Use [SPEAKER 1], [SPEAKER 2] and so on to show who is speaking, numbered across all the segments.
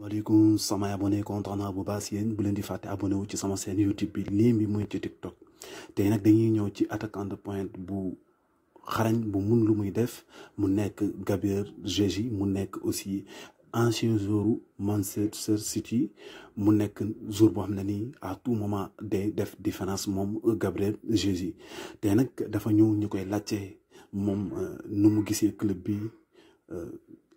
[SPEAKER 1] waaleykum sama abonné kontaan naa bu baax yéen bu leen di fàtte abonné wu ci sama seen YouTube bi lien bi mooy ci TikTok te nag dañuy ñëw ci attaquant de pointe bu xarañ bu mun lu muy def mu nekk Gabriel Jesus mu nekk aussi ancien joueur Manchester City mu nekk jour boo xam ne nii à tout moment day def différence moom Gabriel Jesus te nag dafa ñëw ñu koy laajte moom euh, nu mu gisee club bi euh,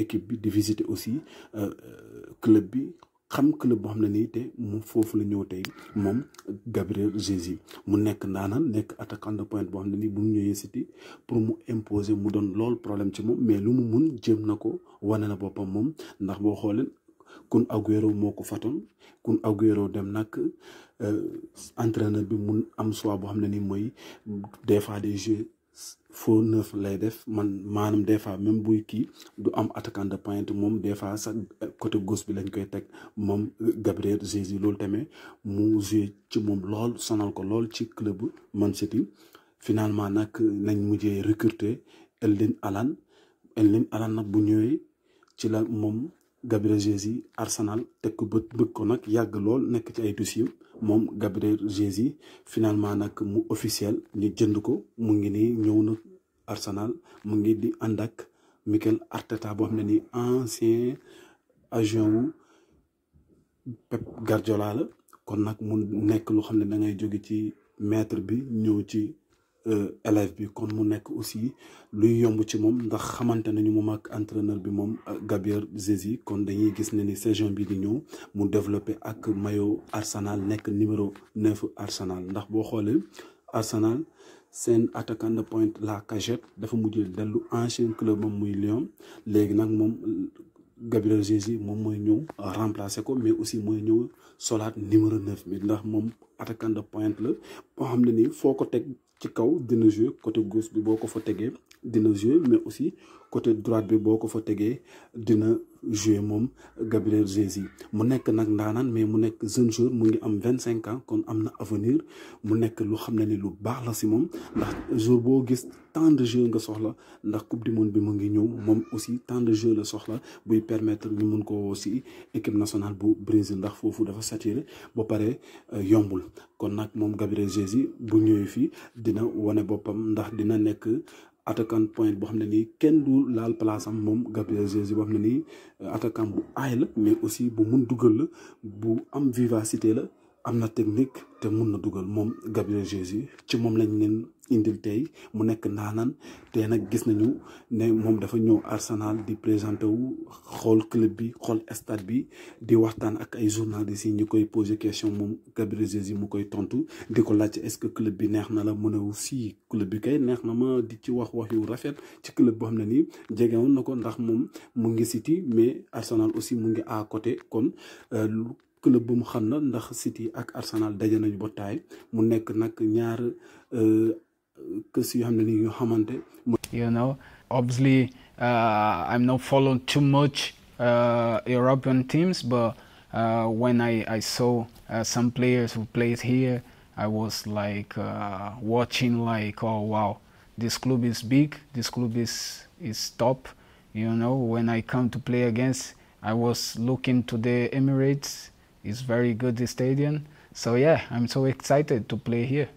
[SPEAKER 1] équipe bi di visiter aussi euh, euh, club bi xam club boo xam ne nii te mu foofu la ñëw tey moom Gabriel Jesus mu nekk ndaanaan nekk attaquant de pointe boo xam ne nii bu mu ñëwee City pour mu imposer mu doon lool problème ci moom mais lu mu mun jëm na ko wane na boppam moom ndax boo xoolee Kun Agüero moo ko fatoon Kun Agüero dem nag euh, entraîneur bi mun am choix boo xam ne nii mooy des fois jeux. faux neuf lay def man maanaam des fois même buy kii du am attaquant de pointe moom des fois sax euh, côté gauche bi lañ koy teg moom euh, Gabriel Jesus loolu tamit mu joué ci moom lool sonal ko lool ci club Man City finalement nag lañ mujjee recruter Erling Haaland Erling Haaland nag bu ñëwee ci la moom Gabriel Jesus Arsenal teg ko bët bëgg ko nag yàgg lool nekk ci ay dossier moom Gabriel Jesus finalement nag mu officiel ñu jënd ko mu ngi nii ñëw nu Arsenal mu ngi di ànd ak Mikel Arteta boo xam ne nii ancien agent wu Pep Guardiola la kon nag mu nekk lu xam ne da ngay jóge ci metre bi ñëw ci Euh, élève bi kon mu nek aussi luy yomb ci mom ndax xamantene ñu moom ak entraîneur bi mom euh, Gabriel Zesi kon dañuy gis ne ni saison bi di ñëw mu développer ak maillot Arsenal nek numéro 9 Arsenal ndax bo xolé Arsenal sen attaquant de pointe la cagette dafa mujj dellu ancien club mom muy Lyon légui nak mom Gabriel Jesus mom moy ñëw remplacer ko mais aussi moy ñëw solat numéro 9 bi ndax mom attaquant de pointe la boo xam ne nii foo ko teg ci kaw dina jouer côté gauche bi boo ko fa tegee nos yeux mais aussi côté droite de Boko fa jouer Gabriel Jesus mu n'a nag mais mon nekk jeune joueur mon am ans avenir mu le la jour gis de jeu nga soxla la coupe du monde bi mon aussi tant de jeu la soxla permettre mon équipe nationale bu Brésil ndax saturé euh, yombul Gabriel Jesus bu dina dina attaquant point bo xamné ni kenn du laal place am mom Gabriel Jesus bo xamné ni eh, attaquant bu ay la mais aussi bu mën duggal la bu am vivacité la amna technique té mën na duggal mom Gabriel Jesus ci mom lañ leen indil tey mu nekk ndaanaan tey nag gis nañu ne moom dafa ñëw Arsenal di présenté wu xool club bi xool stade bi di waxtaan ak ay journalistes yi ñu koy posé question moom Gabriel Jesus mu koy tontu di ko laajte est-ce que club bi neex na la mu ne si club bi kay neex na ma di ci wax wax yu rafet ci club boo xam ne nii jegewoon na ko ndax moom mu ngi siti mais Arsenal aussi mu ngi à côté kon. Euh, club bu mu xam na ndax siti ak Arsenal daje nañu ba taay mu nekk nag euh, you know obviously uh, I'm not following too much uh, European teams but uh, when I, I saw uh, some players who played here I was like uh, watching like oh wow this club is big this club is is top you know when I come to play against I was looking to the Emirates it's very good the stadium so yeah I'm so excited to play here